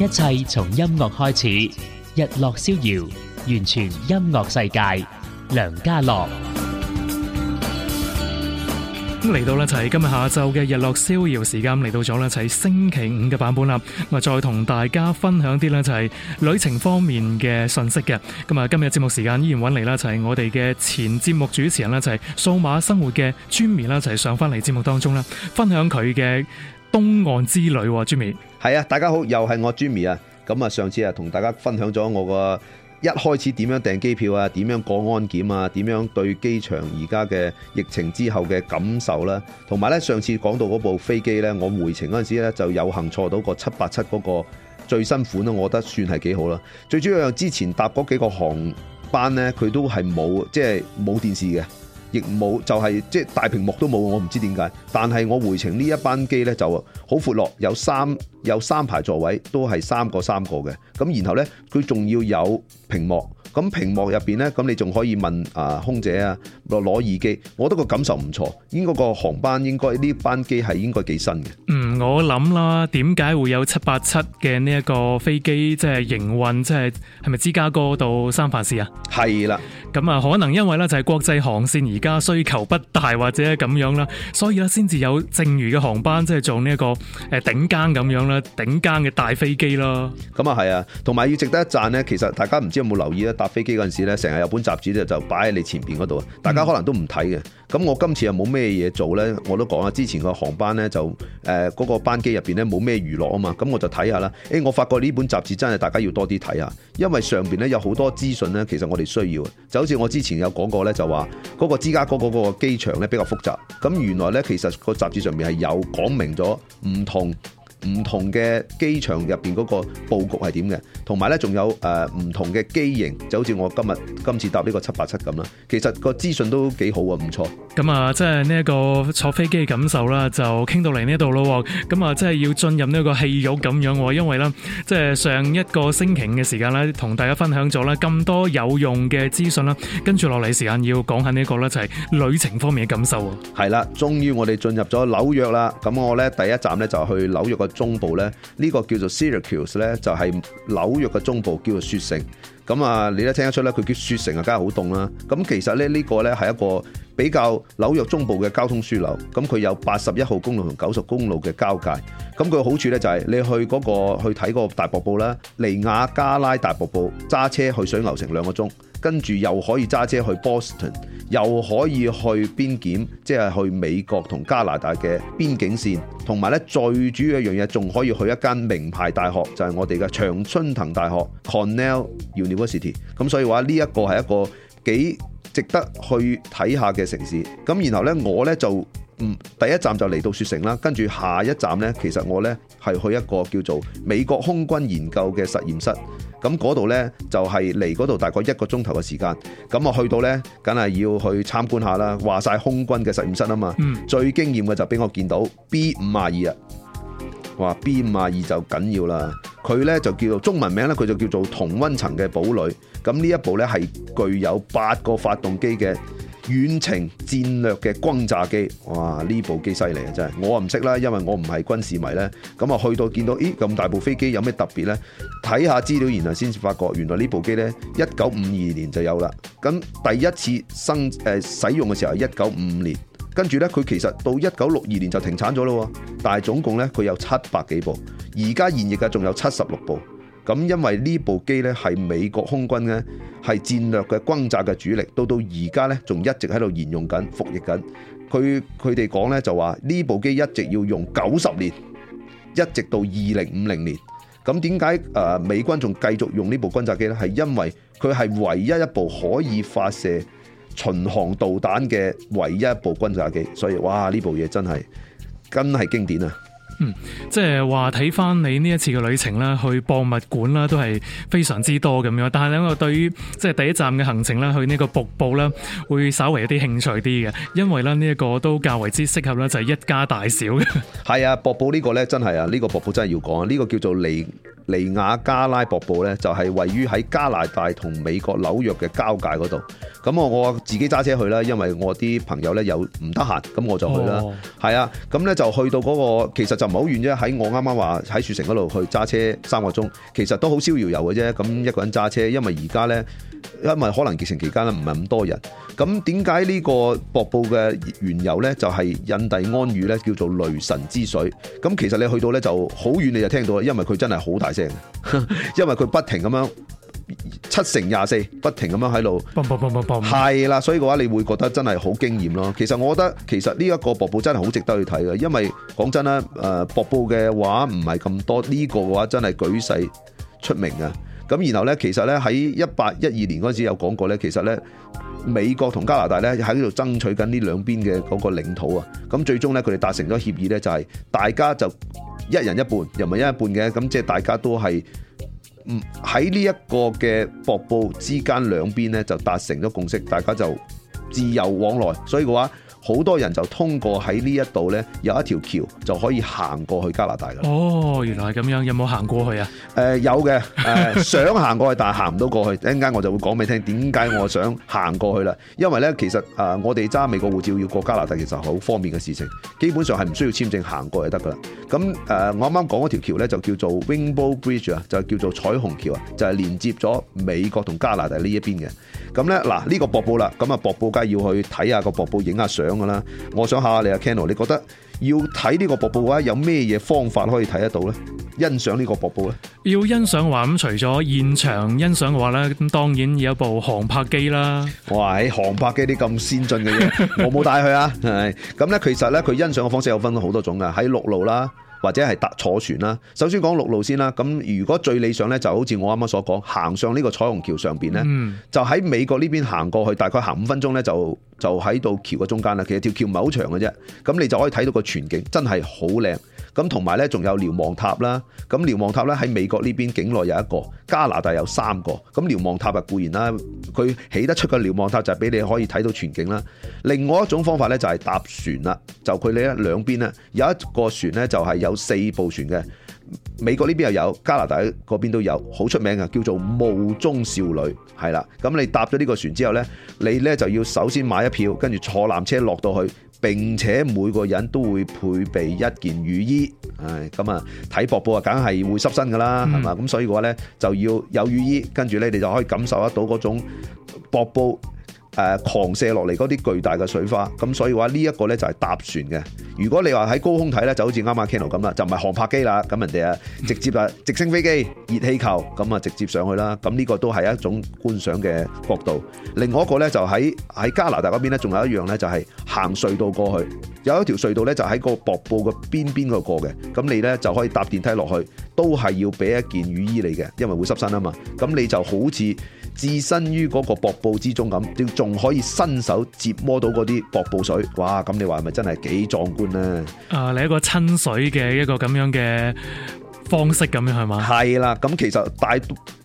一切從音樂開始，日落逍遙，完全音樂世界。梁嘉樂咁嚟到啦，就係今日下晝嘅日落逍遙時間嚟，到咗就係星期五嘅版本啦，我再同大家分享啲就係旅程方面嘅信息嘅。咁啊，今日節目時間依然揾嚟啦，就係我哋嘅前節目主持人啦，就係數碼生活嘅 Jimmy 啦，就係上翻嚟節目當中啦，分享佢嘅東岸之旅，Jimmy。係啊，大家好，又係我 Jimmy 啊。咁啊，上次啊，同大家分享咗我個一開始點樣訂機票啊，點樣過安檢啊，點樣對機場而家嘅疫情之後嘅感受啦。同埋呢，上次講到嗰部飛機呢，我回程嗰陣時呢就有幸坐到個七八七嗰個最新款呢，我覺得算係幾好啦。最主要之前搭嗰幾個航班呢，佢都係冇即係冇電視嘅。亦冇，就係即係大屏幕都冇，我唔知點解。但係我回程呢一班機呢就好闊落，有三有三排座位，都係三個三個嘅。咁然後呢，佢仲要有屏幕。咁屏幕入面呢，咁你仲可以問啊、呃、空姐啊攞攞耳機，我覺得個感受唔錯。應該個航班應該呢班機係應該幾新嘅。嗯，我諗啦，點解會有七八七嘅呢一個飛機即係、就是、營運，即係係咪芝加哥到三藩市啊？係啦，咁啊可能因為呢就係國際航線而家需求不大或者咁樣啦，所以呢，先至有剩餘嘅航班即係、就是、做呢一個誒頂更咁樣啦，頂更嘅大飛機啦，咁啊係啊，同埋要值得一讚呢。其實大家唔知有冇留意咧。飛機嗰陣時咧，成日有本雜誌咧就擺喺你前邊嗰度啊，大家可能都唔睇嘅。咁我今次又冇咩嘢做呢，我都講啦，之前個航班呢，就誒嗰個班機入邊呢，冇咩娛樂啊嘛，咁我就睇下啦。誒、欸，我發覺呢本雜誌真係大家要多啲睇下，因為上邊呢有好多資訊呢，其實我哋需要。就好似我之前有講過呢，就話嗰個芝加哥嗰個機場呢比較複雜，咁原來呢，其實個雜誌上面係有講明咗唔同。唔同嘅機場入邊嗰個佈局係點嘅？還有呢，還有呃、不同埋咧仲有誒唔同嘅機型，就好似我今日今次搭呢個七八七咁啦。其實個資訊都幾好啊，唔錯。咁啊，即係呢一個坐飛機嘅感受啦，就傾到嚟呢度咯。咁啊，即係要進入呢個戲肉咁樣喎，因為呢，即係上一個星期嘅時間咧，同大家分享咗咧咁多有用嘅資訊啦。跟住落嚟時間要講下呢個呢，就係、是、旅程方面嘅感受啊。係啦，終於我哋進入咗紐約啦。咁我咧第一站呢，就去紐約嘅中部咧，呢個叫做 Syracuse 咧，就係紐約嘅中部，叫做雪城。咁啊，你都聽得出咧，佢叫雪城啊，梗係好凍啦。咁其實咧，呢個咧係一個，比較紐約中部嘅交通樞紐，咁佢有八十一號公路同九十公路嘅交界，咁佢好處呢，就係你去嗰、嗰個去睇嗰個大瀑布啦，尼亞加拉大瀑布，揸車去水牛城兩個鐘，跟住又可以揸車去 Boston，又可以去邊檢，即係去美國同加拿大嘅邊境線，同埋呢最主要一樣嘢，仲可以去一間名牌大學，就係、係、我哋嘅常春藤大學 Cornell University，咁所以話呢一個係一個幾值得去睇下嘅城市，咁然後呢，我呢就嗯第一站就嚟到雪城啦，跟住下一站呢，其實我呢係去一個叫做美國空軍研究嘅實驗室，咁嗰度呢，就係嚟嗰度大概一個鐘頭嘅時間，咁我去到呢，梗係要去參觀下啦，話晒空軍嘅實驗室啊嘛，嗯、最驚艷嘅就俾我見到 B 五二啊。話 B 五二就緊要啦，佢呢就叫做中文名呢，佢就叫做同温層嘅堡壘。咁呢一部呢係具有八個發動機嘅遠程戰略嘅轟炸機。哇！呢部機犀利啊，真係我唔識啦，因為我唔係軍事迷呢。咁啊去到見到，咦咁大部飛機有咩特別呢？睇下資料，然後先至發覺，原來這部機呢部機呢一九五二年就有啦。咁第一次生誒、呃、使用嘅時候係一九五五年。跟住呢，佢其實到一九六二年就停產咗咯喎，但係總共呢佢有七百幾部，而家現役嘅仲有七十六部。咁因為呢部機呢係美國空軍呢係戰略嘅轟炸嘅主力，到到而家呢仲一直喺度沿用緊、服役緊。佢佢哋講呢就話呢部機一直要用九十年，一直到二零五零年。咁點解誒美軍仲繼續用呢部轟炸機呢？係因為佢係唯一一部可以發射巡航導彈嘅唯一一部轟炸機，所以哇，呢部嘢真係真係經典啊！嗯，即係話睇翻你呢一次嘅旅程啦，去博物館啦，都係非常之多咁樣。但係咧，我對於即係第一站嘅行程啦，去呢個瀑布啦，會稍微有啲興趣啲嘅，因為呢一個都較為之適合呢就係一家大小。係啊，瀑布呢個呢，真係啊，呢個瀑布真係要講啊，呢個叫做尼尼亞加拉瀑布呢，就係位於喺加拿大同美國紐約嘅交界嗰度。咁我我自己揸車去啦，因為我啲朋友呢又唔得閒，咁我就去啦。係、哦哦哦、啊，咁呢就去到嗰、嗰個，其實就唔好遠啫，喺我啱啱話喺樹城嗰度去揸車三個鐘，其實都好逍遙遊嘅啫。咁一個人揸車，因為而家呢，因為可能疫情期間呢唔係咁多人。咁點解呢個瀑布嘅源由呢？就係、係、印第安語呢叫做雷神之水。咁其實你去到呢就好遠，你就聽到啦，因為佢真係好大聲，因為佢不停咁樣。七乘廿四，不停咁樣喺度，係啦，所以嘅話你會覺得真係好驚艷咯。其實我覺得，其實呢一個瀑布真係好值得去睇嘅，因為講真啦，誒瀑布嘅話唔係咁多，呢、呢個嘅話真係舉世出名啊。咁然後呢，其實呢，喺一八一二年嗰陣時有講過呢，其實呢，美國同加拿大呢喺呢度爭取緊呢兩邊嘅嗰個領土啊。咁最終呢，佢哋達成咗協議呢，就係大家就一人一半，又唔係一人一半嘅，咁即係大家都係。喺呢一個嘅瀑布之間兩邊咧就達成咗共識，大家就自由往來，所以嘅話，好多人就通過喺呢一度呢，有一條橋就可以行過去加拿大噶。哦，原來係咁樣，有冇行過去啊？呃、有嘅，呃、 想行過去，但行唔到過去。一陣間我就會講俾你聽點解我想行過去啦。因為呢，其實啊、呃，我哋揸美國護照要過加拿大其實好方便嘅事情，基本上係唔需要簽證行過去就得噶啦。咁誒、呃，我啱啱講嗰條橋呢，就叫做 Rainbow Bridge 啊，就叫做彩虹橋啊，就係、是、連接咗美國同加拿大呢一邊嘅。咁咧，嗱、這、呢個瀑布啦，咁啊瀑布梗係要去睇下個瀑布，影下相噶啦。我想下你啊 c a n n l 你覺得要睇呢個瀑布嘅話，有咩嘢方法可以睇得到咧？欣賞呢個瀑布咧？要欣賞話咁，除咗現場欣賞嘅話咧，咁當然有一部航拍機啦。哇！航拍機啲咁先進嘅嘢， 我冇帶去啊。係咁咧，其實咧佢欣賞嘅方式有分好多種噶，喺陸路啦。或者係搭坐船啦。首先講陸路先啦。咁如果最理想呢，就好似我啱啱所講，行上呢個彩虹橋上面呢、嗯，就喺美國呢邊行過去，大概行五分鐘呢，就就喺到橋嘅中間啦。其實條橋唔係好長嘅啫，咁你就可以睇到個全景真，真係好靚。咁同埋咧，仲有瞭望塔啦。咁瞭望塔咧，喺美國呢邊境內有一個，加拿大有三個。咁瞭望塔啊，固然啦，佢起得出嘅瞭望塔就係俾你可以睇到全景啦。另外一種方法咧就係搭船啦。就佢哋兩邊咧有一個船咧就係有四部船嘅。美國呢邊又有，加拿大嗰邊都有，好出名嘅叫做霧中少女，係啦。咁你搭咗呢個船之後咧，你咧就要首先買一票，跟住坐纜車落到去。並且每個人都會配備一件雨衣，唉，咁啊睇瀑布啊，梗係會濕身㗎啦，係、嗯、嘛？咁所以嘅話呢，就要有雨衣，跟住呢，你就可以感受得到嗰種瀑布。誒狂射落嚟嗰啲巨大嘅水花，咁所以話呢一個呢就係搭船嘅。如果你話喺高空睇呢，就好似啱啱 Ken 咁啦，就唔係航拍機啦，咁人哋啊直接啊直升飛機、熱氣球，咁啊直接上去啦。咁呢個都係一種觀賞嘅角度。另外一個呢，就喺喺加拿大嗰邊呢，仲有一樣呢，就係行隧道過去。有一條隧道呢，就喺個瀑布嘅邊邊嗰個嘅，咁你呢，就可以搭電梯落去，都係要俾一件雨衣你嘅，因為會濕身啊嘛。咁你就好似。置身於嗰個瀑布之中咁，仲仲可以伸手接摸到嗰啲瀑布水，哇！咁你話係咪真係幾壯觀呢？啊，你一個親水嘅一個咁樣嘅方式咁樣係嘛？係啦，咁其實大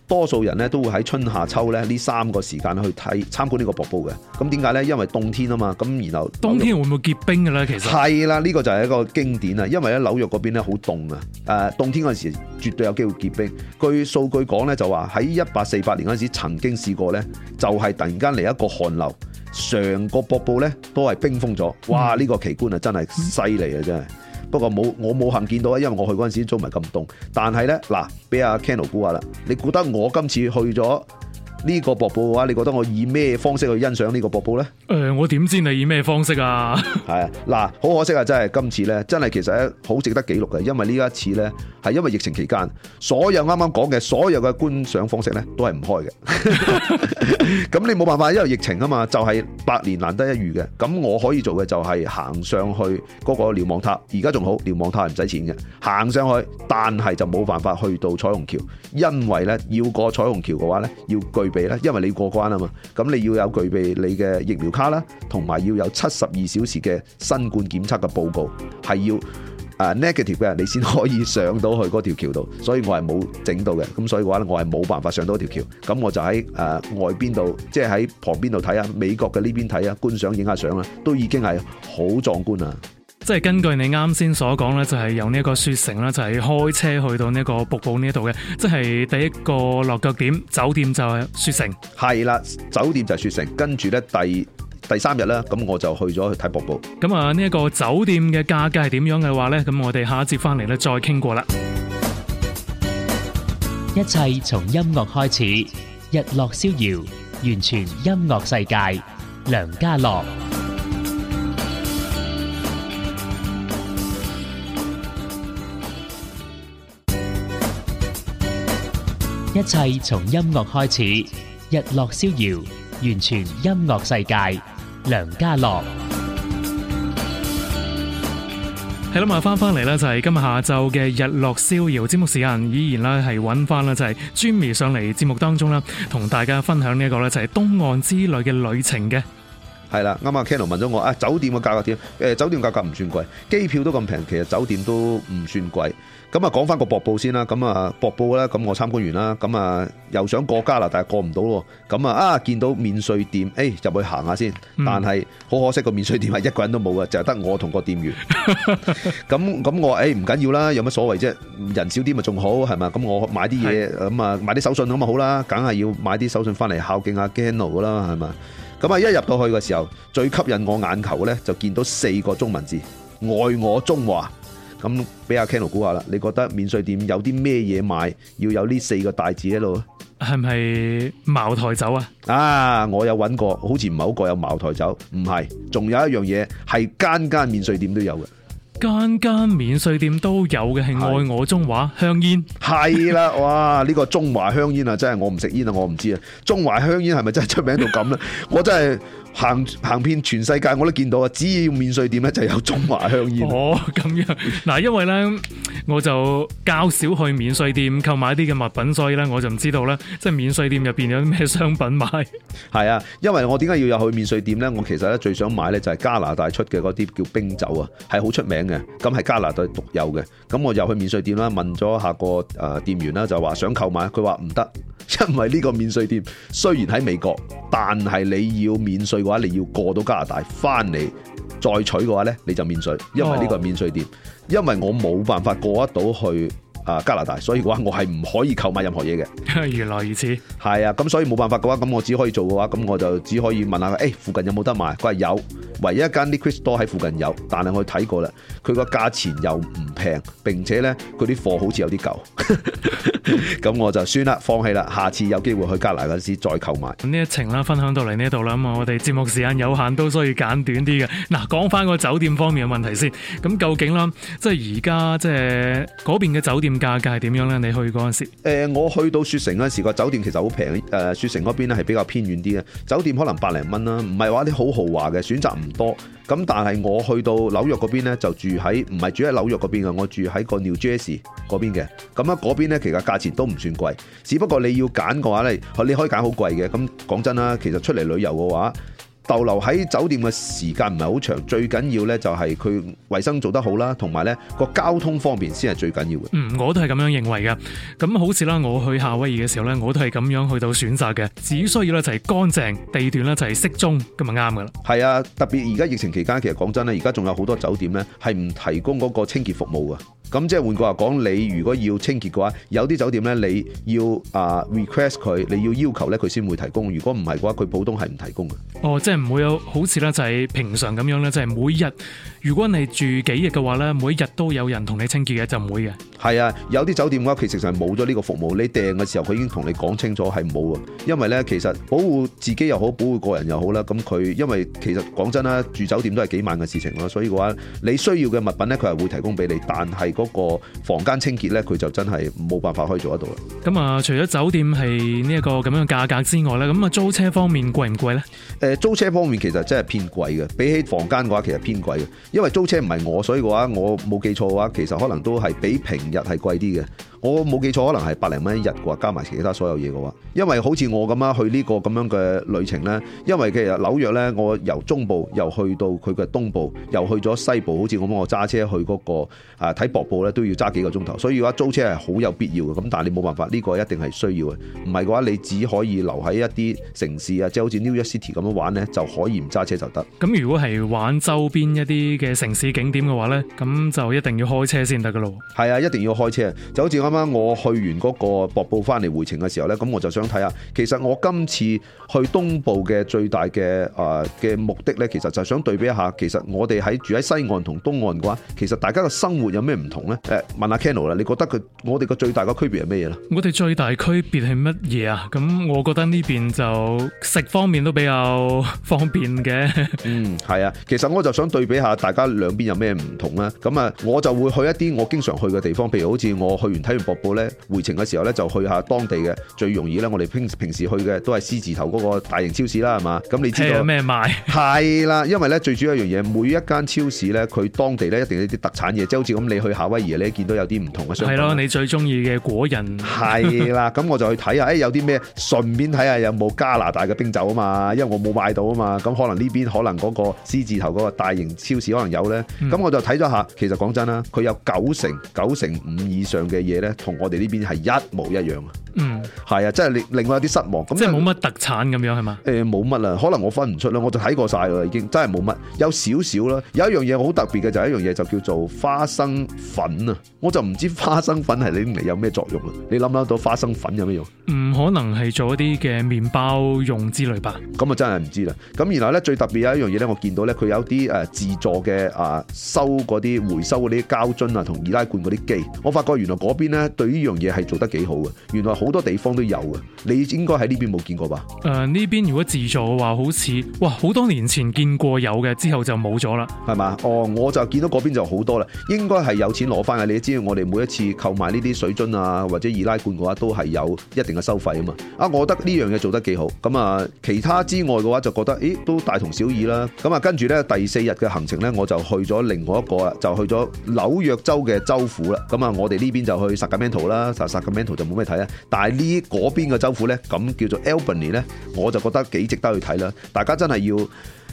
多數人咧都會喺春夏秋咧呢三個時間去睇參觀呢個瀑布嘅。咁點解呢？因為冬天啊嘛，咁然後冬天會唔會結冰嘅咧？其實係啦，呢、這個就係一個經典啦。因為喺紐約嗰邊咧好凍啊，誒、呃，冬天嗰陣時絕對有機會結冰。據數據講呢，就話喺一八四八年嗰陣時曾經試過呢，就係突然間嚟一個寒流，成個瀑布呢都係冰封咗、嗯。哇！呢、這個奇觀啊，真係犀利啊，真、嗯、係。不過冇，我冇幸見到啊，因為我去嗰陣時租唔係咁凍。但係呢，嗱，俾阿 Ken Lo 估下啦，你估得我今次去咗？呢個瀑布嘅話，你覺得我以咩方式去欣賞呢個瀑布呢？誒，我點知你以咩方式啊？係啊，嗱，好可惜啊，真係今次呢，真係其實好值得記錄嘅，因為呢一次呢，係因為疫情期間，所有啱啱講嘅所有嘅觀賞方式呢，都係唔開嘅。咁 你冇辦法，因為疫情啊嘛，就係百年難得一遇嘅。咁我可以做嘅就係行上去嗰個瞭望塔，而家仲好瞭望塔係唔使錢嘅，行上去，但係就冇辦法去到彩虹橋，因為呢，要過彩虹橋嘅話呢，要具因為你要過關啊嘛，咁你要有具備你嘅疫苗卡啦，同埋要有七十二小時嘅新冠檢測嘅報告，係要 negative 嘅，你先可以上到去嗰條橋度。所以我係冇整到嘅，咁所以嘅話咧，我係冇辦法上到條橋，咁我就喺誒外邊度，即係喺旁邊度睇下美國嘅呢邊睇啊，觀賞影下相啦，都已經係好壯觀啊！即係根據你啱先所講咧，就係由呢一個雪城咧，就係開車去到呢個瀑布呢度嘅，即係第一個落腳點酒店就係雪城。係啦，酒店就係雪城，跟住咧第第三日啦，咁我就去咗去睇瀑布。咁啊，呢一個酒店嘅價格係點樣嘅話呢？咁我哋下一節翻嚟咧再傾過啦。一切從音樂開始，日落逍遙，完全音樂世界，梁嘉樂。一切從音樂開始，日落逍遙，完全音樂世界。梁嘉樂，係啦，咁啊，翻翻嚟啦，就係今日下晝嘅日落逍遙節目時間，依然咧係搵翻啦，就係 Jimmy 上嚟節目當中啦，同大家分享呢一個咧，就係東岸之旅嘅旅程嘅。係啦，啱啱 Kenley 問咗我啊、哎，酒店嘅價格點？誒、呃，酒店價格唔算貴，機票都咁平，其實酒店都唔算貴。咁啊，講翻個瀑布先啦。咁啊，瀑布啦。咁我參觀完啦。咁啊，又想過加拿大，但過唔到咯。咁啊，啊見到免稅店，誒、哎、入去行下先。但係好可惜，個免稅店係一個人都冇嘅，就係得我同個店員。咁 咁、嗯，我誒唔緊要啦，有乜所謂啫？人少啲咪仲好係咪？咁我買啲嘢，咁啊買啲手信咁啊好啦，梗係要買啲手信翻嚟孝敬下 Geno 啦，係、嗯、咪？咁啊一入到去嘅時候，最吸引我眼球咧，就見到四個中文字，愛我中華。咁俾阿 k e n l 估下啦，你覺得免稅店有啲咩嘢賣？要有呢四個大字喺度，係咪茅台酒啊？啊，我有揾過，好似某個有茅台酒，唔係，仲有一樣嘢係間間免稅店都有嘅，間間免稅店都有嘅係愛我中華香煙，係啦， 哇，呢、這個中華香煙啊，真係我唔食煙啊，我唔知啊，中華香煙係咪真係出名到咁咧？ 我真係。行行遍全世界我都見到啊！只要免稅店咧就有中華香煙。哦，咁樣嗱，因為咧我就較少去免稅店購買啲嘅物品，所以咧我就唔知道咧，即係免稅店入邊有啲咩商品賣。係啊，因為我點解要入去免稅店咧？我其實咧最想買咧就係加拿大出嘅嗰啲叫冰酒啊，係好出名嘅，咁係加拿大獨有嘅。咁我入去免稅店啦，問咗下個誒店員啦，就話想購買，佢話唔得，因為呢個免稅店雖然喺美國，但係你要免稅。話你要過到加拿大翻嚟再取嘅話呢，你就免稅，因為呢個係免稅店，因為我冇辦法過得到去。啊，加拿大，所以嘅話我係唔可以購買任何嘢嘅。原來如此。係啊，咁所以冇辦法嘅話，咁我只可以做嘅話，咁我就只可以問下佢，誒、欸、附近有冇得賣？佢話有，唯一一間 liquor store 喺附近有，但係我睇過啦，佢個價錢又唔平，並且咧佢啲貨好似有啲舊，咁 我就算啦，放棄啦，下次有機會去加拿大時再購買。咁呢一程啦，分享到嚟呢度啦，咁我哋節目時間有限，都需要簡短啲嘅。嗱、啊，講翻個酒店方面嘅問題先，咁究竟啦，即係而家即係嗰邊嘅酒店。價格係點樣咧？你去嗰陣時，誒、呃，我去到雪城嗰陣時個酒店其實好平，誒、呃，雪城嗰邊咧係比較偏遠啲嘅，酒店可能百零蚊啦，唔係話啲好豪華嘅選擇唔多。咁但係我去到紐約嗰邊呢，就住喺唔係住喺紐約嗰邊嘅，我住喺個 New Jersey 嗰邊嘅。咁啊，嗰邊呢，其實價錢都唔算貴，只不過你要揀嘅話呢，你可以揀好貴嘅。咁講真啦，其實出嚟旅遊嘅話。逗留喺酒店嘅時間唔係好長，最緊要呢就係佢衛生做得好啦，同埋呢個交通方面先係最緊要嘅。嗯，我都係咁樣認為噶。咁好似啦，我去夏威夷嘅時候呢，我都係咁樣去到選擇嘅，只需要呢就係乾淨地段呢就係適中咁啊，啱噶啦。係啊，特別而家疫情期間，其實講真呢，而家仲有好多酒店呢係唔提供嗰個清潔服務噶。咁即係換句話講，你如果要清潔嘅話，有啲酒店呢你要啊 request 佢，你要要求呢，佢先會提供。如果唔係嘅話，佢普通係唔提供嘅。哦，即係唔會有好似咧，就係平常咁樣咧，就係每日。如果你住幾日嘅話呢，每日都有人同你清潔嘅就唔會嘅。係啊，有啲酒店嘅話，其實就係冇咗呢個服務。你訂嘅時候，佢已經同你講清楚係冇啊。因為呢，其實保護自己又好，保護個人又好啦。咁佢因為其實講真啦，住酒店都係幾萬嘅事情咯。所以嘅話，你需要嘅物品呢，佢係會提供俾你。但係嗰個房間清潔呢，佢就真係冇辦法可以做得到啦。咁啊，除咗酒店係呢一個咁樣嘅價格之外呢，咁啊租車方面貴唔貴呢？誒，租車方面其實真係偏貴嘅，比起房間嘅話，其實偏貴嘅。因為租車唔係我，所以嘅話，我冇記錯嘅話，其實可能都係比平日係貴啲嘅。我冇記錯，可能係百零蚊一日嘅話，加埋其他所有嘢嘅話，因為好似我咁啊，去呢個咁樣嘅旅程呢。因為其實紐約呢，我由中部又去到佢嘅東部，又去咗西部，好似我咁我揸車去嗰個啊睇瀑布呢，都要揸幾個鐘頭，所以嘅話租車係好有必要嘅。咁但係你冇辦法，呢個一定係需要嘅。唔係嘅話，你只可以留喺一啲城市啊，即係好似 New York City 咁樣玩呢，就可以唔揸車就得。咁如果係玩周邊一啲嘅城市景點嘅話呢，咁就一定要開車先得㗎咯。係啊，一定要開車，就好似啱我去完嗰個瀑布翻嚟回程嘅時候呢，咁我就想睇下，其實我今次去東部嘅最大嘅嘅、呃、目的呢，其實就想對比一下，其實我哋喺住喺西岸同東岸嘅話，其實大家嘅生活有咩唔同呢？誒、欸，問下 Kano 你覺得佢我哋個最大嘅區別係乜嘢呢？我哋最大區別係乜嘢啊？咁我覺得呢邊就食方面都比較方便嘅。 嗯，係啊，其實我就想對比下大家兩邊有咩唔同呢。咁啊，我就會去一啲我經常去嘅地方，譬如好似我去完睇。瀑布咧回程嘅時候咧，就去下當地嘅最容易咧。我哋平平時去嘅都係獅子頭嗰個大型超市啦，係嘛？咁你知道有咩賣？係啦，因為咧最主要一樣嘢，每一間超市咧，佢當地咧一定有啲特產嘢。即好似咁，你去夏威夷咧，見到有啲唔同嘅商品。係咯，你最中意嘅果仁係啦。咁我就去睇下，誒，有啲咩，順便睇下有冇加拿大嘅冰酒啊嘛。因為我冇買到啊嘛，咁可能呢邊可能嗰個獅子頭嗰個大型超市可能有咧。咁、嗯、我就睇咗下，其實講真啦，佢有九成九成五以上嘅嘢咧，同我哋呢邊係一模一樣的。嗯，係啊，真係令令我有啲失望。咁即係冇乜特產咁樣係嘛？誒，冇乜啦，可能我分唔出啦，我就睇過晒啦，已經真係冇乜。有少少啦，有一樣嘢好特別嘅就係一樣嘢就叫做花生粉啊！我就唔知花生粉係拎嚟有咩作用啦。你諗唔諗到花生粉有咩用？唔可能係做一啲嘅麵包用之類吧？咁啊，真係唔知啦。咁然後咧，最特別有一樣嘢咧，我見到咧，佢有啲誒自助嘅啊收嗰啲回收嗰啲膠樽啊同易拉罐嗰啲機，我發覺原來嗰邊咧對呢樣嘢係做得幾好嘅。原來。好多地方都有啊，你應該喺呢邊冇見過吧？誒、呃，呢邊如果自助嘅話，好似哇，好多年前見過有嘅，之後就冇咗啦，係嘛？哦，我就見到嗰邊就好多啦，應該係有錢攞翻嘅。你知道我哋每一次購買呢啲水樽啊，或者易拉罐嘅話，都係有一定嘅收費啊嘛。啊，我覺得呢樣嘢做得幾好，咁、嗯、啊，其他之外嘅話就覺得，誒，都大同小異啦。咁、嗯、啊，跟住咧第四日嘅行程咧，我就去咗另外一個啦，就去咗紐約州嘅州府啦。咁、嗯、啊、嗯，我哋呢邊就去薩加門圖啦，但係薩加門圖就冇咩睇啊。但係呢嗰邊嘅州府咧，咁叫做 Albany 咧，我就覺得幾值得去睇啦。大家真係要，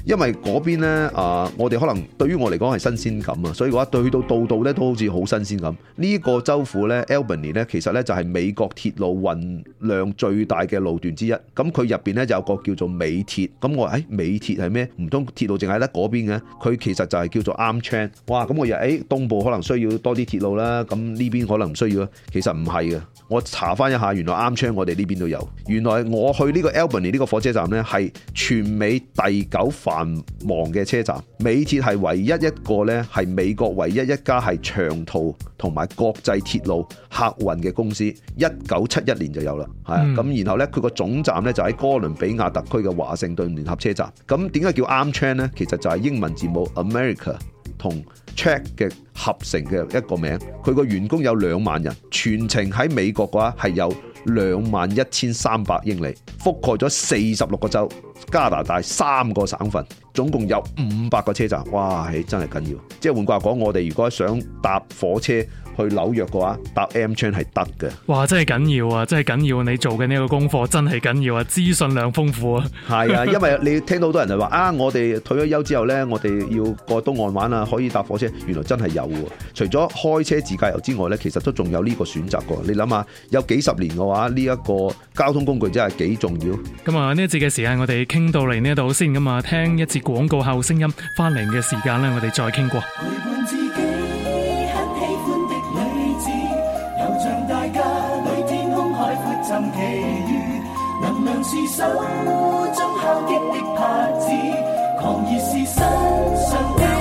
因為嗰邊咧啊，我哋可能對於我嚟講係新鮮感啊，所以話對到度度咧都好似好新鮮咁。呢個州府咧，Albany 咧，其實咧就係美國鐵路運量最大嘅路段之一。咁佢入邊咧就有個叫做美鐵。咁我誒美鐵係咩？唔通鐵路淨係得嗰邊嘅？佢其實就係叫做 Amtrak。哇！咁我話誒東部可能需要多啲鐵路啦，咁呢邊可能唔需要啊？其實唔係嘅。我查翻一下，原來啱 c h a n 我哋呢邊都有。原來我去呢個 Albany 呢個火車站呢，係全美第九繁忙嘅車站。美鐵係唯一一個呢，係美國唯一一家係長途同埋國際鐵路客運嘅公司。一九七一年就有啦，係、嗯、啊。咁然後呢，佢個總站呢就喺哥倫比亞特區嘅華盛頓聯合車站。咁點解叫啱 c h a n 呢，其實就係英文字母 America。同 Track 嘅合成嘅一個名，佢個員工有兩萬人，全程喺美國嘅話係有兩萬一千三百英里，覆蓋咗四十六個州、加拿大三個省份。總共有五百個車站，哇！係真係緊要。即係換句話講，我哋如果想搭火車去紐約嘅話，搭 M train 係得嘅。哇！真係緊要啊，真係緊要！你做嘅呢個功課真係緊要啊，資訊量豐富啊。係啊，因為你聽到好多人就話 啊，我哋退咗休之後呢，我哋要過東岸玩啊，可以搭火車。原來真係有喎。除咗開車自駕遊之外呢，其實都仲有呢個選擇嘅。你諗下，有幾十年嘅話，呢一個交通工具真係幾重要。咁啊，呢一節嘅時間我哋傾到嚟呢度先。咁啊，聽一節。廣告後，聲音翻嚟嘅時間咧，我哋再傾過。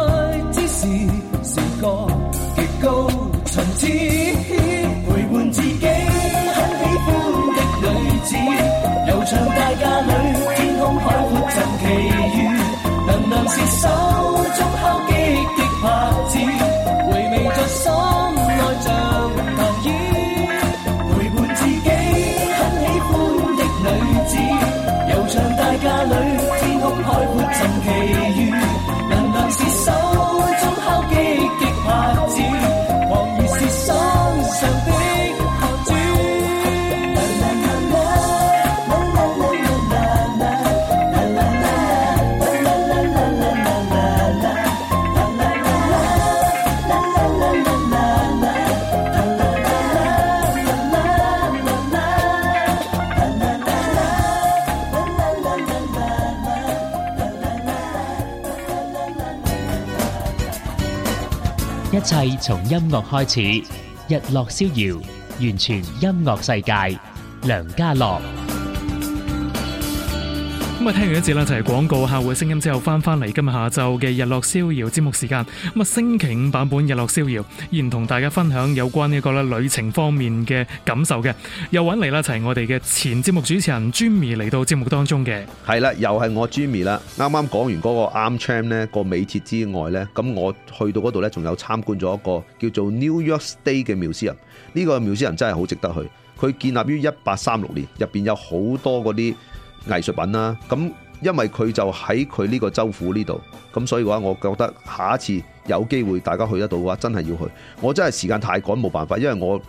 係從音樂開始，日樂逍遙，完全音樂世界，梁嘉樂。今日聽完一節啦，就係廣告客戶嘅聲音之後回來的，翻翻嚟今日下晝嘅日落逍遙節目時間。咁啊，星期五版本日落逍遙，依然同大家分享有關呢個咧旅程方面嘅感受嘅。又搵嚟啦，就係我哋嘅前節目主持人 Jimmy 嚟到節目當中嘅。係啦，又係我 Jimmy 啦。啱啱講完嗰個 Amtrak 咧個美鐵之外呢，咁我去到嗰度呢，仲有參觀咗一個叫做 New York State 嘅 Museum。呢個 Museum 真係好值得去。佢建立於一八三六年，入邊有好多嗰啲。藝術品啦，咁因為佢就喺佢呢個州府呢度，咁所以嘅話，我覺得下一次有機會大家去得到嘅話，真係要去。我真係時間太趕冇辦法，因為我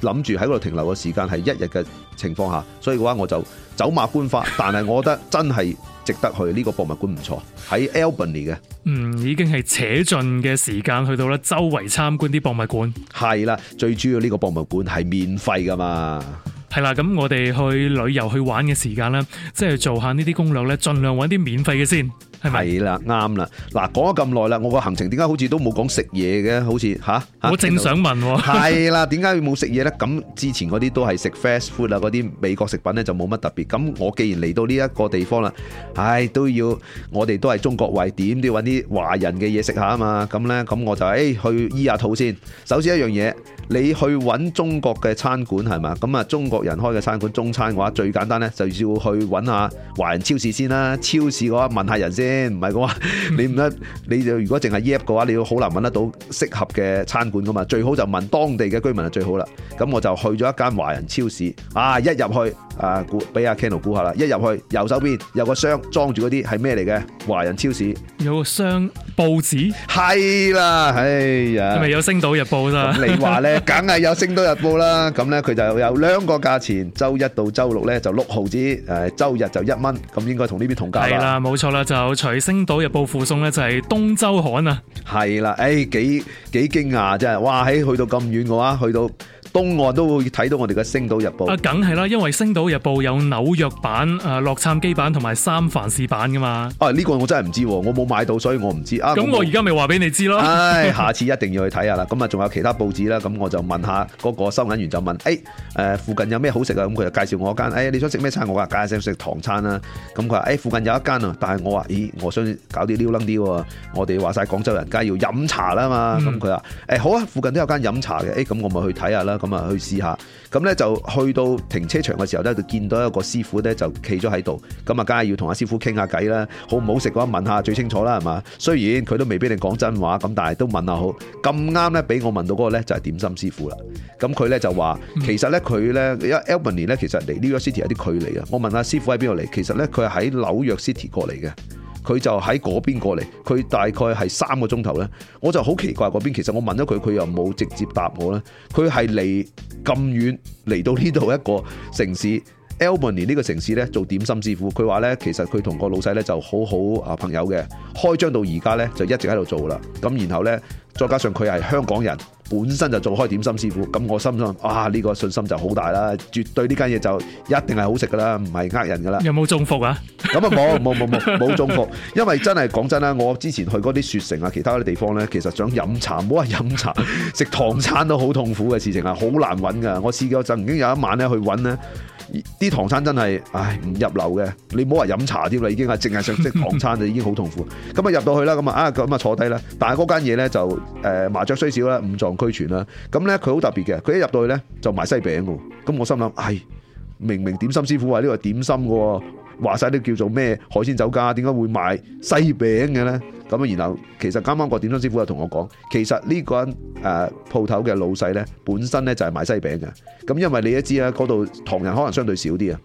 諗住喺度停留嘅時間係一日嘅情況下，所以嘅話我就走馬觀花。但係我覺得真係值得去，呢個博物館唔錯，喺 Albany 嘅。嗯，已經係扯盡嘅時間去到啦，周圍參觀啲博物館。係啦，最主要呢個博物館係免費噶嘛。係啦，咁我哋去旅遊去玩嘅時間咧，即係做下呢啲攻略咧，盡量揾啲免費嘅先。係啦，啱啦。嗱，講咗咁耐啦，我個行程點解好似都冇講食嘢嘅？好似吓，我正想問。係啦，點解冇食嘢咧？咁之前嗰啲都係食 fast food 啊，嗰啲美國食品咧就冇乜特別。咁我既然嚟到呢一個地方啦，唉，都要我哋都係中國胃，點都要揾啲華人嘅嘢食下啊嘛？咁咧，咁我就誒去醫下肚先。首先一樣嘢，你去揾中國嘅餐館係嘛？咁啊，中國人開嘅餐館中餐嘅話，最簡單咧就要去揾下華人超市先啦。超市嘅話，問下人先。唔係嘅話，你唔得，你就如果淨係 e p 嘅話，你要好難揾得到適合嘅餐館噶嘛。最好就問當地嘅居民係最好啦。咁我就去咗一間華人超市，啊一入去。啊估俾阿 Canal 估下啦，一入去右手邊有個箱裝住嗰啲係咩嚟嘅？華人超市有個箱報紙？係啦，係、哎、呀，係咪有，有《星島日報、啊》咋、嗯？你話咧，梗 係有《星島日報》啦。咁咧佢就有兩個價錢，周一到周六咧就六毫紙，誒，周日就一蚊。咁應該同呢邊同價係啦，冇錯啦，就隨《星島日報》附送咧，就係、是、東周刊啊。係啦，誒、哎，幾幾驚訝真係，哇！喺去到咁遠嘅話，去到。東岸都會睇到我哋嘅《星島日報》啊，梗係啦，因為《星島日報》有紐約版、誒洛杉磯版同埋三藩市版㗎嘛。啊，呢、這個我真係唔知，我冇買到，所以我唔知啊。咁、嗯、我而家咪話俾你知咯。誒、哎， 下次一定要去睇下啦。咁啊，仲有其他報紙啦。咁我就問下嗰、那個收銀員，就問誒誒、欸呃、附近有咩好食啊？咁佢就介紹我一間。誒、欸，你想食咩餐？我話介下食唐餐啦、啊。咁佢話誒附近有一間啊，但係我話咦，我想搞啲溜楞啲喎。我哋話晒廣州人家要飲茶啦嘛。咁佢話誒好啊，附近都有間飲茶嘅。誒，咁我咪去睇下啦。咁啊，去試下。咁呢，就去到停車場嘅時候呢，就見到一個師傅呢，就企咗喺度。咁啊，梗係要同阿師傅傾下偈啦。好唔好食嘅話，問下最清楚啦，係嘛？雖然佢都未必俾你講真話，咁但係都問下好。咁啱呢，俾我問到嗰個呢，就係點心師傅啦。咁佢呢，就話，其實呢呢，佢、嗯、呢，因為 Albany 呢，其實離 New York City 有啲距離啊。我問下師傅喺邊度嚟，其實呢，佢係喺紐約 City 過嚟嘅。佢就喺嗰邊過嚟，佢大概係三個鐘頭咧，我就好奇怪嗰邊。其實我問咗佢，佢又冇直接答我呢，佢係嚟咁遠嚟到呢度一個城市，Albany 呢個城市咧，做點心師傅，佢話咧，其實佢同個老細咧就好好啊朋友嘅，開張到而家咧就一直喺度做啦。咁然後呢，再加上佢係香港人，本身就做開點心師傅，咁我心諗啊，呢個信心就好大啦，絕對呢間嘢就一定係好食噶啦，唔係呃人噶啦。有冇中伏啊？咁啊冇冇冇冇冇中伏，因為真係講真啦，我之前去嗰啲雪城啊其他啲地方呢，其實想飲茶，唔好話飲茶，食唐餐都好痛苦嘅事情啊，好難揾噶。我試過曾經有一晚去呢去揾咧。啲唐餐真係，唉，唔入流嘅。你唔好話飲茶添啦，已經係，淨係想食唐餐就已經好痛苦。咁啊入到去啦，咁啊啊咁啊坐低啦。但係嗰間嘢咧就，誒、呃、麻雀雖小啦，五臟俱全啦。咁咧佢好特別嘅，佢一入到去咧就賣西餅嘅。咁我心諗，唉，明明點心師傅話呢個係點心嘅。話晒都叫做咩海鮮酒家，點解會賣西餅嘅咧？咁啊，然後其實啱啱個點心師傅又同我講，其實呢個誒鋪頭嘅老細咧，本身咧就係賣西餅嘅。咁因為你都知啊，嗰度唐人可能相對少啲啊。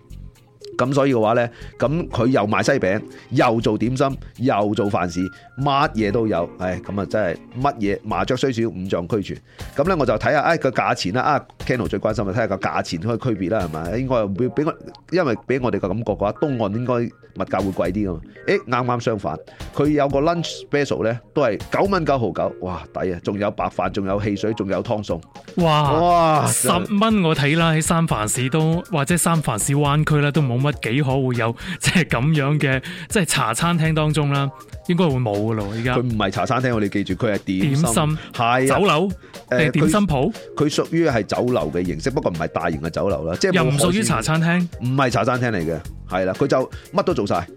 咁所以嘅話呢，咁佢又賣西餅，又做點心，又做飯市，乜嘢都有，唉，咁啊真係乜嘢麻雀雖小五臟俱全。咁呢，我就睇下個價錢啦，啊 Kenel 最關心就睇下個價錢嘅區別啦，係咪？應該會俾我，因為俾我哋個感覺嘅話，東岸應該物價會貴啲噶嘛。誒啱啱相反，佢有個 lunch special 呢，都係九蚊九毫九，哇抵啊！仲有白飯，仲有汽水，仲有湯餸。哇哇，十蚊我睇啦，喺三藩市都或者三藩市灣區啦，都冇乜。幾可會有即係咁樣嘅，即係茶餐廳當中啦，應該會冇噶咯。依家，佢唔係茶餐廳，我哋記住佢係點心，係酒樓誒點心鋪，佢屬於係酒樓嘅形式，不過唔係大型嘅酒樓啦。即係又唔屬於茶餐廳，唔係茶餐廳嚟嘅，係啦，佢就乜都做晒，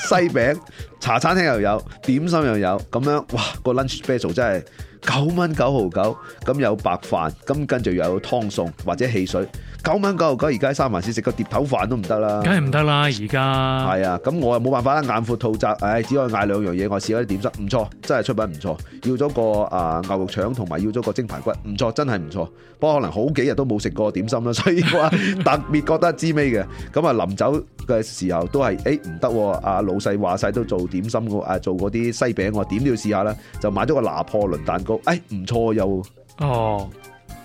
西餅、茶餐廳又有點心又有咁樣，哇！個 lunch special 真係九蚊九毫九，咁有白飯，咁跟住又有湯餸或者汽水。九蚊九毫九，而家喺三藩市食個碟頭飯都唔得啦，梗係唔得啦，而家係啊，咁我又冇辦法啦，眼闊肚窄，唉，只可以嗌兩樣嘢，我試下啲點心，唔錯，真係出品唔錯，要咗個啊牛肉腸同埋要咗個蒸排骨，唔錯，真係唔錯，不過可能好幾日都冇食過點心啦，所以話特別覺得滋味嘅，咁啊臨走嘅時候都係，誒唔得，阿老細話晒都做點心嘅，誒做嗰啲西餅，我點都要試下啦，就買咗個拿破崙蛋糕，誒唔錯又哦。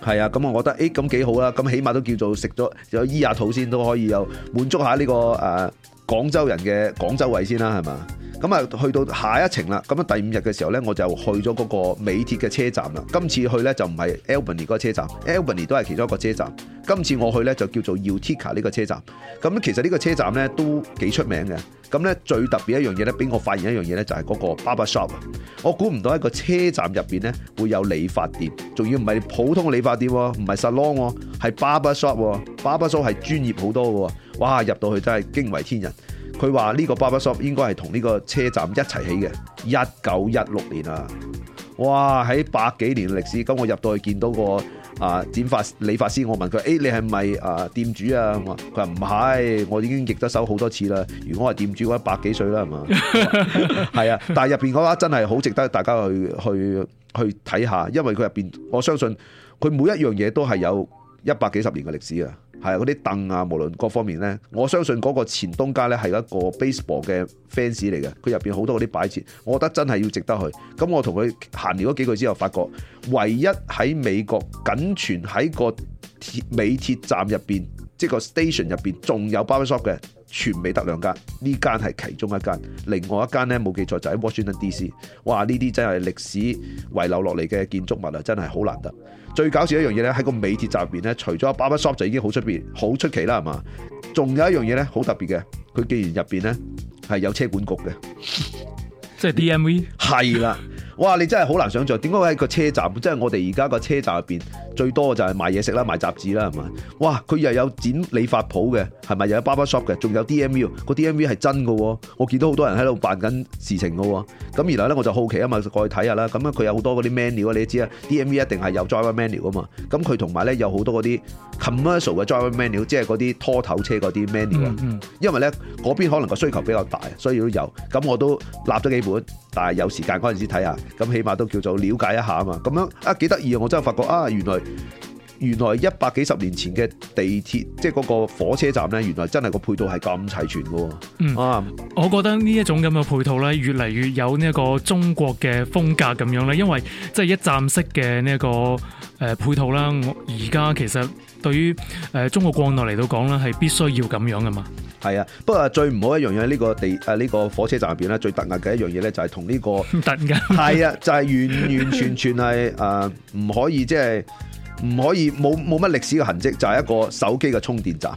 係啊，咁我覺得，誒、欸，咁幾好啦，咁起碼都叫做食咗有嘢落肚先都可以有滿足下呢，這個誒、呃、廣州人嘅廣州胃先啦，係嘛？咁啊，去到下一程啦。咁啊，第五日嘅時候呢，我就去咗嗰個美鐵嘅車站啦。今次去呢，就唔係 Albany 嗰個車站，Albany 都係其中一個車站。今次我去呢，就叫做 Utica 呢個車站。咁其實呢個車站呢，都幾出名嘅。咁呢最特別的一樣嘢呢，俾我發現一樣嘢呢，就係嗰個 barber shop。我估唔到一個車站入邊呢，會有理髮店，仲要唔係普通嘅理髮店，唔係 salon，係 barber shop。barber shop 係專業好多嘅。哇！入到去真係驚為天人。佢話呢個 barber Shop 應該係同呢個車站一齊起嘅，一九一六年啊！哇，喺百幾年嘅歷史，咁我入到去見到個啊剪髮理髮師，我問佢：誒、欸，你係咪啊店主啊？佢話唔係，我已經易得手好多次啦。如果我係店主，我一百幾歲啦，係嘛？係 啊，但係入邊嘅話真係好值得大家去去去睇下，因為佢入邊我相信佢每一樣嘢都係有一百幾十年嘅歷史啊！係嗰啲凳啊，無論各方面呢，我相信嗰個前東家呢係一個 baseball 嘅 fans 嚟嘅，佢入面好多嗰啲擺設，我覺得真係要值得去。咁我同佢閒聊咗幾句之後，發覺唯一喺美國僅存喺個鐵美鐵站入面，即、就是、個 station 入面仲有 barber shop 嘅，全美得兩間，呢間係其中一間，另外一間呢，冇記錯就喺 Washington DC。哇！呢啲真係歷史遺留落嚟嘅建築物啊，真係好難得。最搞笑一樣嘢咧，喺個美鐵站入邊咧，除咗巴巴 shop 就已經好出邊、好出奇啦，係嘛？仲有一樣嘢咧，好特別嘅，佢既然入邊咧係有車管局嘅，即係 DMV，係啦。哇！你真係好難想象，點解喺個車站，即係我哋而家個車站入面，最多就係賣嘢食啦、賣雜誌啦，係嘛？哇！佢又有剪理髮鋪嘅，係咪又有 barber shop 嘅？仲有 D M V，個 D M V 係真㗎喎、哦！我見到好多人喺度辦緊事情㗎喎。咁然後咧，我就好奇啊嘛，就過去睇下啦。咁啊，佢有好多嗰啲 manual 你都知呀 D M V 一定係有 driver manual 啊嘛。咁佢同埋咧有好多嗰啲 commercial 嘅 driver manual 即係嗰啲拖頭車嗰啲 manual 啊。因為咧嗰邊可能個需求比較大，所以都有。咁我都立咗幾本，但係有時間嗰陣時睇下。咁起碼都叫做了解一下嘛，咁樣啊幾得意啊！我真係發覺啊，原來原來一百幾十年前嘅地鐵，即係嗰個火車站呢，原來真係個配套係咁齊全嘅、啊。嗯啊，我覺得呢一種咁嘅配套呢，越嚟越有呢一個中國嘅風格咁樣呢，因為即係一站式嘅呢一個誒、呃、配套啦。我而家其實。對於誒中國國內嚟到講咧，係必須要咁樣噶嘛。係啊，不過最唔好一樣嘢呢、這個地誒呢、啊這個火車站入邊咧，最突兀嘅一樣嘢咧就係同呢個唔突兀係啊，就係、是、完完全全係誒唔可以即係唔可以冇冇乜歷史嘅痕跡，就係、是、一個手機嘅充電站。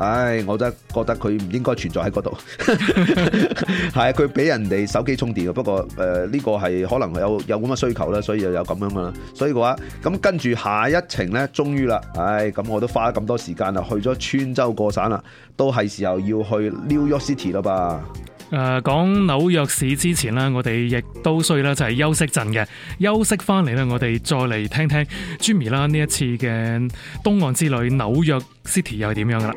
唉，我真係覺得佢唔應該存在喺嗰度。係 啊，佢俾人哋手機充電啊。不過誒，呢、呃這個係可能有有咁嘅需求啦，所以又有咁樣噶啦。所以嘅話，咁跟住下一程咧，終於啦，唉，咁我都花咁多時間啊，去咗川州過省啦，都係時候要去 New York City 啦吧。誒，講紐約市之前咧，我哋亦都需要咧就係休息陣嘅，休息翻嚟咧，我哋再嚟聽聽 Jimmy 啦呢一次嘅東岸之旅，紐約 City 又係點樣噶啦？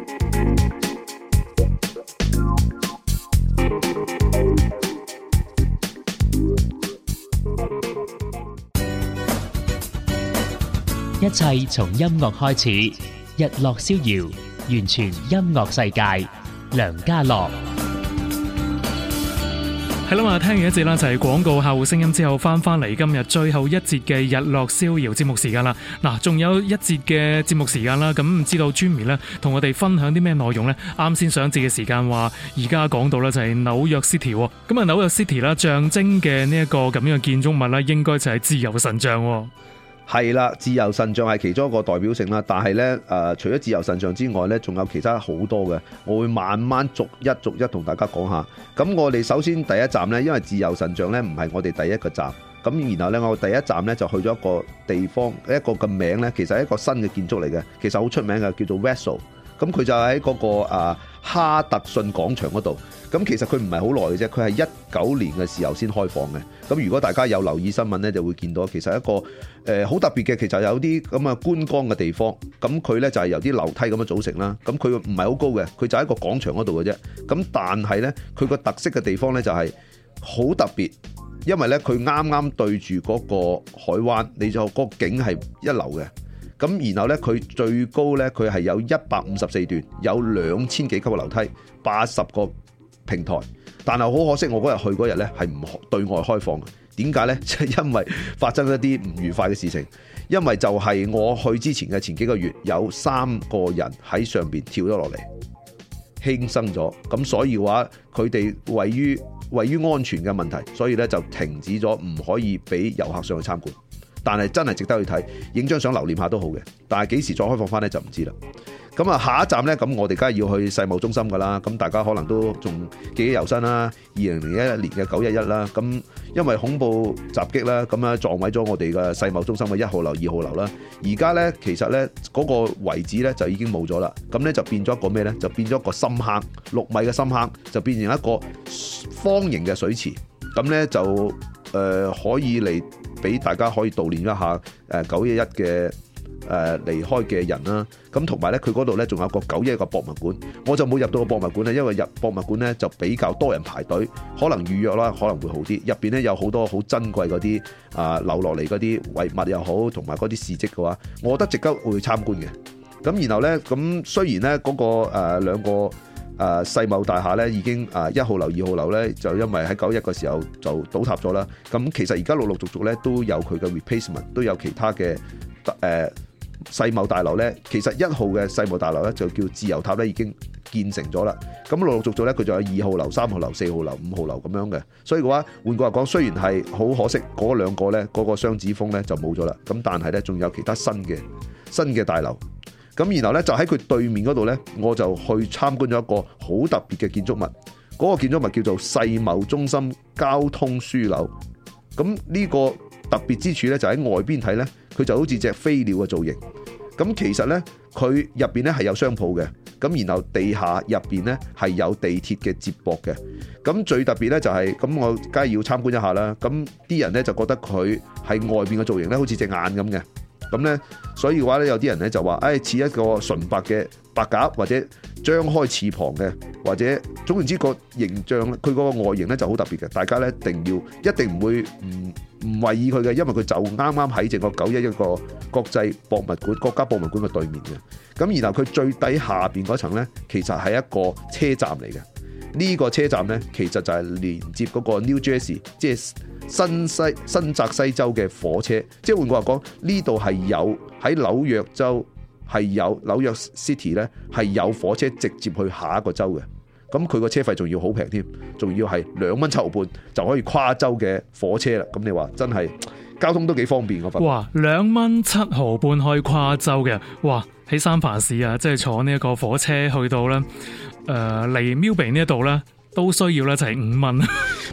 一切從音樂開始，日落逍遙，完全音樂世界，梁嘉樂。咁啊，聽完一節啦，就係、是、廣告客戶聲音之後，翻翻嚟今日最後一節嘅日落逍遙節目時間啦。嗱，仲有一節嘅節目時間啦，咁唔知道 Jimmy 咧，同我哋分享啲咩內容呢？啱先上節嘅時間話，而家講到咧就係紐約 City 喎。咁啊，紐約 City 啦，象徵嘅呢一個咁樣嘅建築物咧，應該就係自由神像。係啦，自由神像係其中一個代表性啦，但係咧、呃，除咗自由神像之外咧，仲有其他好多嘅，我會慢慢逐一逐一同大家講下。咁我哋首先第一站咧，因為自由神像咧唔係我哋第一個站，咁然後咧我第一站咧就去咗一個地方，一個嘅名咧其實係一個新嘅建築嚟嘅，其實好出名嘅叫做 Vessel，咁佢就喺嗰、那個啊。呃哈特遜廣場嗰度，咁其實佢唔係好耐嘅啫，佢係一九年嘅時候先開放嘅。咁如果大家有留意新聞呢，就會見到其實一個誒好特別嘅，其實有啲咁嘅觀光嘅地方。咁佢呢就係由啲樓梯咁樣組成啦。咁佢唔係好高嘅，佢就喺一個廣場嗰度嘅啫。咁但係呢，佢個特色嘅地方呢就係好特別，因為呢，佢啱啱對住嗰個海灣，你就個景係一流嘅。咁然後呢，佢最高呢，佢係有一百五十四段，有兩千幾級嘅樓梯，八十個平台。但係好可惜，我嗰日去嗰日呢，係唔對外開放嘅。點解呢？就係因為發生一啲唔愉快嘅事情，因為就係我去之前嘅前幾個月，有三個人喺上邊跳咗落嚟，輕生咗。咁所以話佢哋位於位於安全嘅問題，所以呢，就停止咗，唔可以俾遊客上去參觀。但係真係值得去睇，影張相留念下都好嘅。但係幾時再開放翻呢就唔知啦。咁啊，下一站呢，咁我哋梗係要去世貿中心㗎啦。咁大家可能都仲記憶猶新啦，二零零一年嘅九一一啦。咁因為恐怖襲擊啦，咁咧撞毀咗我哋嘅世貿中心嘅一號樓、二號樓啦。而家呢，其實呢嗰個位置呢就已經冇咗啦。咁呢就變咗一個咩呢？就變咗一個深坑，六米嘅深坑，就變成一個方形嘅水池。咁呢就誒可以嚟。俾大家可以悼念一下誒九一一嘅誒離開嘅人啦、啊，咁同埋呢，佢嗰度呢仲有個九一一嘅博物館，我就冇入到個博物館咧，因為入博物館呢就比較多人排隊，可能預約啦，可能會好啲。入邊呢有好多好珍貴嗰啲啊，留落嚟嗰啲遺物又好，同埋嗰啲事蹟嘅話，我覺得值得會參觀嘅。咁然後呢，咁雖然呢嗰、嗰個誒、呃、兩個。誒世貿大廈咧已經誒一號樓、二號樓咧，就因為喺九一嘅時候就倒塌咗啦。咁其實而家陸陸續續咧都有佢嘅 replacement，都有其他嘅誒世貿大樓咧。其實一號嘅世貿大樓咧就叫自由塔咧已經建成咗啦。咁陸陸續續咧佢仲有二號樓、三號樓、四號樓、五號樓咁樣嘅。所以嘅話，換句話講，雖然係好可惜嗰兩個咧，嗰個雙子峰咧就冇咗啦。咁但係咧仲有其他新嘅新嘅大樓。咁然後咧，就喺佢對面嗰度呢，我就去參觀咗一個好特別嘅建築物。嗰、嗰個建築物叫做世貿中心交通樞紐。咁呢個特別之處呢，就喺外邊睇呢，佢就好似隻飛鳥嘅造型。咁其實呢，佢入面呢係有商鋪嘅。咁然後地下入面呢係有地鐵嘅接駁嘅。咁最特別呢、就係，就係，咁我梗係要參觀一下啦。咁啲人呢，就覺得佢喺外面嘅造型呢好似隻眼咁嘅。咁呢。所以嘅話咧，有啲人咧就話，誒、哎、似一個純白嘅白鴿，或者張開翅膀嘅，或者總言之個形象，佢嗰個外形咧就好特別嘅。大家咧一定要一定唔會唔唔為意佢嘅，因為佢就啱啱喺正個九一一個國際博物館、國家博物館嘅對面嘅。咁然後佢最底下邊嗰層咧，其實係一個車站嚟嘅。呢、這個車站呢，其實就係連接嗰個 New Jersey，即係新西新澤西州嘅火車。即係換句話講，呢度係有喺紐約州係有紐約 City 咧，係有火車直接去下一個州嘅。咁佢個車費仲要好平添，仲要係兩蚊七毫半就可以跨州嘅火車啦。咁你話真係交通都幾方便，個噃。哇！兩蚊七毫半可以跨州嘅，哇！喺三藩市啊，即係坐呢個火車去到呢。誒、呃，嚟 m i B 呢一度咧，都需要咧，就係五蚊。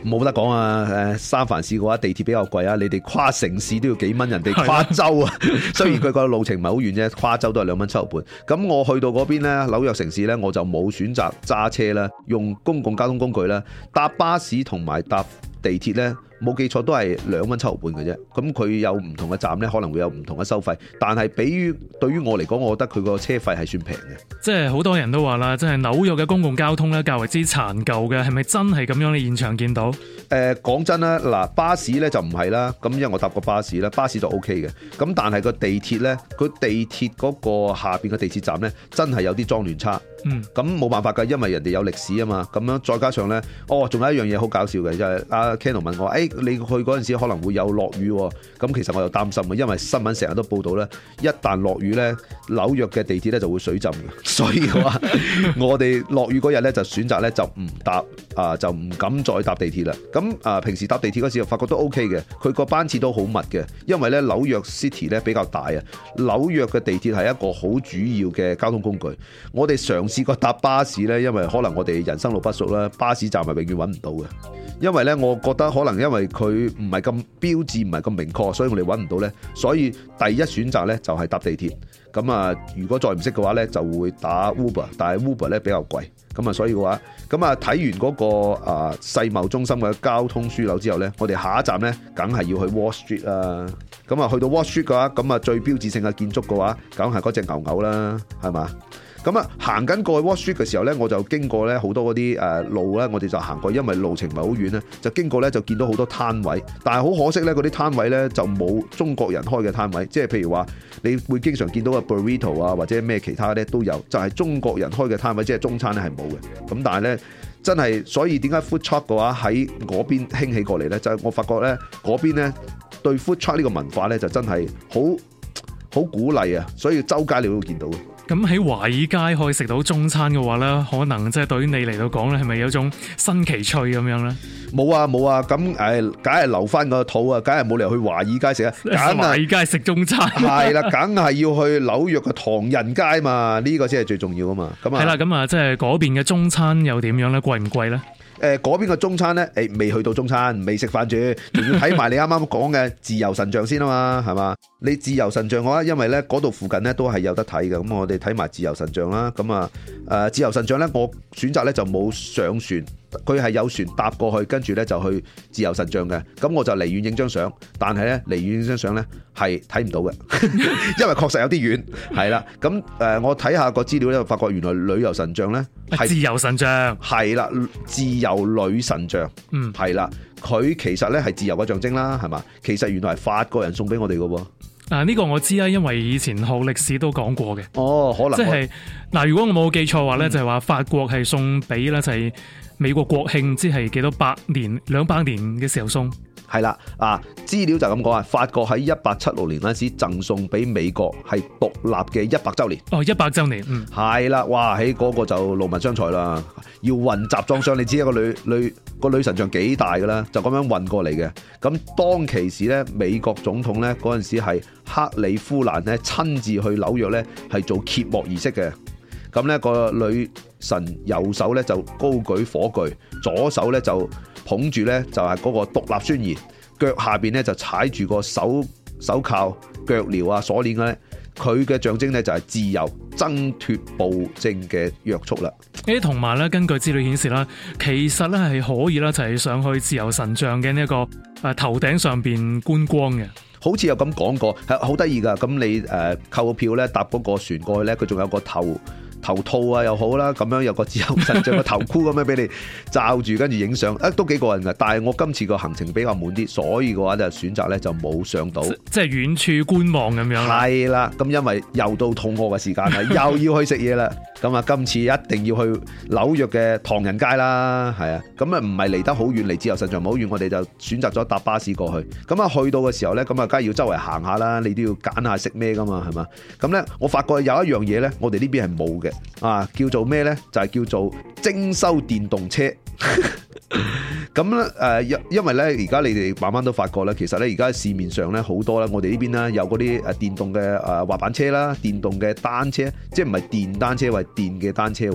冇得講啊！誒，三藩市嘅話，地鐵比較貴啊。你哋跨城市都要幾蚊，人哋跨州啊。 雖然佢個路程唔係好遠啫，跨州都係兩蚊七毫半。咁我去到嗰邊咧，紐約城市咧，我就冇選擇揸車啦，用公共交通工具啦，搭巴士同埋搭地鐵咧。冇記錯都係兩蚊七毫半嘅啫，咁佢有唔同嘅站呢，可能會有唔同嘅收費，但係比於對於我嚟講，我覺得佢個車費係算平嘅。即係好多人都話啦，即係紐約嘅公共交通呢，較為之殘舊嘅，係咪真係咁樣？你現場見到？誒、呃，講真啦，嗱，巴士呢就唔係啦，咁因為我搭過巴士啦，巴士就 O K 嘅，咁、OK、但係個地鐵呢，佢地鐵嗰個下邊嘅地鐵站呢，真係有啲髒亂差，嗯，咁冇辦法㗎，因為人哋有歷史啊嘛，咁樣再加上呢，哦，仲有一樣嘢好搞笑嘅，就係阿 k e n l 問我，誒、哎。你去嗰陣時可能會有落雨，咁其實我又擔心嘅，因為新聞成日都報導呢：「一旦落雨呢，紐約嘅地鐵呢就會水浸。」所以話 我哋落雨嗰日呢，就選擇呢，就唔搭啊，就唔敢再搭地鐵啦。咁啊，平時搭地鐵嗰時又發覺都 OK 嘅，佢個班次都好密嘅，因為呢，紐約 City 呢比較大啊。紐約嘅地鐵係一個好主要嘅交通工具。我哋嘗試過搭巴士呢，因為可能我哋人生路不熟啦，巴士站係永遠揾唔到嘅。因為呢，我覺得可能因為佢唔係咁標誌，唔係咁明確，所以我哋揾唔到呢。所以第一選擇呢，就係搭地鐵。咁啊，如果再唔識嘅話呢，就會打 Uber。但係 Uber 呢，比較貴。咁、那個、啊,所以嘅話，咁啊睇完嗰個啊世貿中心嘅交通樞紐之後呢，我哋下一站呢，梗係要去 Wall Street 啦。咁啊，去到 Wall Street 嘅話，咁啊最標誌性嘅建築嘅話，梗係嗰隻牛牛啦，係嘛？咁啊，行緊過去 Walk Street 嘅時候咧，我就經過咧好多嗰啲、呃、路咧，我哋就行過，因為路程唔係好遠咧，就經過咧就見到好多攤位，但係好可惜咧，嗰啲攤位咧就冇中國人開嘅攤位，即係譬如話，你會經常見到嘅 Burrito 啊，或者咩其他咧都有，就係、是、中國人開嘅攤位，即係中餐咧係冇嘅。咁但係咧，真係所以點解 Food Truck 嘅話喺嗰邊興起過嚟咧？就係、是、我發覺咧嗰邊咧對 Food Truck 呢個文化咧就真係好好鼓勵啊！所以周街你都會見到。咁喺華爾街可以食到中餐嘅話咧，可能即係對於你嚟到講咧，係咪有種新奇趣咁樣咧？冇啊冇啊，咁誒、啊，梗係、欸、留翻個肚啊，梗係冇理由去華爾街食啊，梗係華爾街食中餐，係啦，梗係要去紐約嘅唐人街嘛，呢 個先係最重要啊嘛，係啦，咁啊，即係嗰邊嘅中餐又點樣咧？貴唔貴咧？誒、呃，嗰邊嘅中餐呢，誒、欸，未去到中餐，未食飯住，仲要睇埋你啱啱講嘅自由神像先啊嘛，係嘛？你自由神像嘅話，因為呢嗰度附近呢都係有得睇嘅，咁我哋睇埋自由神像啦。咁啊，誒、呃，自由神像呢，我選擇呢就冇上船。佢係有船搭過去，跟住呢就去自由神像嘅，咁我就離遠影張相，但係呢離遠影張相呢係睇唔到嘅， 因為確實有啲遠，係 啦，咁誒我睇下個資料呢，我發覺原來旅遊神像呢係自由神像，係啦，自由女神像，嗯，係啦，佢其實呢係自由嘅象徵啦，係嘛，其實原來係法國人送俾我哋嘅喎，啊呢、呢個我知啊，因為以前學歷史都講過嘅，哦，可能即係嗱，如果我冇記錯話呢、嗯，就係、是、話法國係送俾啦，就係、是。美國國慶即係幾多百年兩百年嘅時候送係啦，啊資料就咁講啊，法國喺一八七六年嗰陣時贈送俾美國係獨立嘅一百周年哦，一百周年，嗯，係啦，哇，喺、嗰、嗰個就勞民傷財啦，要運集裝箱，你知一個女女、嗰個女神像幾大噶啦，就咁樣運過嚟嘅，咁當其時咧，美國總統咧嗰陣時係克里夫蘭咧親自去紐約咧係做揭幕儀式嘅。咁、那、呢個女神右手咧就高舉火炬，左手咧就捧住咧就係嗰個獨立宣言，腳下面咧就踩住個手手銬腳鐐啊鎖鏈咧，佢嘅象徵咧就係自由，掙脫暴政嘅約束啦。A、同埋咧，根據資料顯示啦，其實咧係可以啦，就係上去自由神像嘅呢一個誒頭頂上面觀光嘅，好似有咁講過，係好得意㗎。咁你誒購、呃、票咧搭嗰個船過去咧，佢仲有個頭。頭套啊又好啦，咁樣有個自由神像個頭箍咁樣俾你罩住，跟住影相，誒都幾過癮噶。但係我今次個行程比較滿啲，所以嘅話就選擇咧就冇上到，即係遠處觀望咁樣。係啦，咁因為又到肚餓嘅時間啦，又要去食嘢啦。咁啊今次一定要去紐約嘅唐人街啦，係啊，咁啊唔係嚟得好遠，嚟自由神像唔好遠，我哋就選擇咗搭巴士過去。咁啊去到嘅時候咧，咁啊梗係要周圍行下啦，你都要揀下食咩噶嘛，係嘛？咁咧我發覺有一樣嘢咧，我哋呢邊係冇嘅。啊，叫做咩呢？就係、是、叫做徵收電動車。 咁咧，誒、呃，因因為咧，而家你哋慢慢都發覺啦。其實咧，而家市面上咧好多啦，我哋呢邊啦有嗰啲誒電動嘅誒滑板車啦，電動嘅單車，即係唔係電單車，係電嘅單車。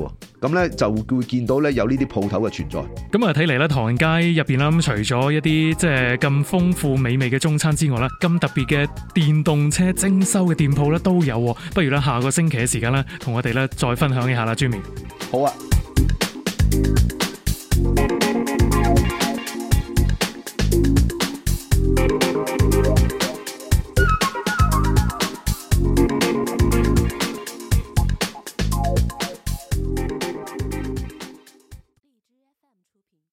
咁咧就會見到咧有呢啲鋪頭嘅存在。咁啊，睇嚟咧，唐人街入邊啦，咁除咗一啲即係咁豐富美味嘅中餐之外啦，咁特別嘅電動車徵收嘅店鋪咧都有。不如咧下個星期嘅時間咧，同我哋咧再分享一下啦，Jimmy，好啊。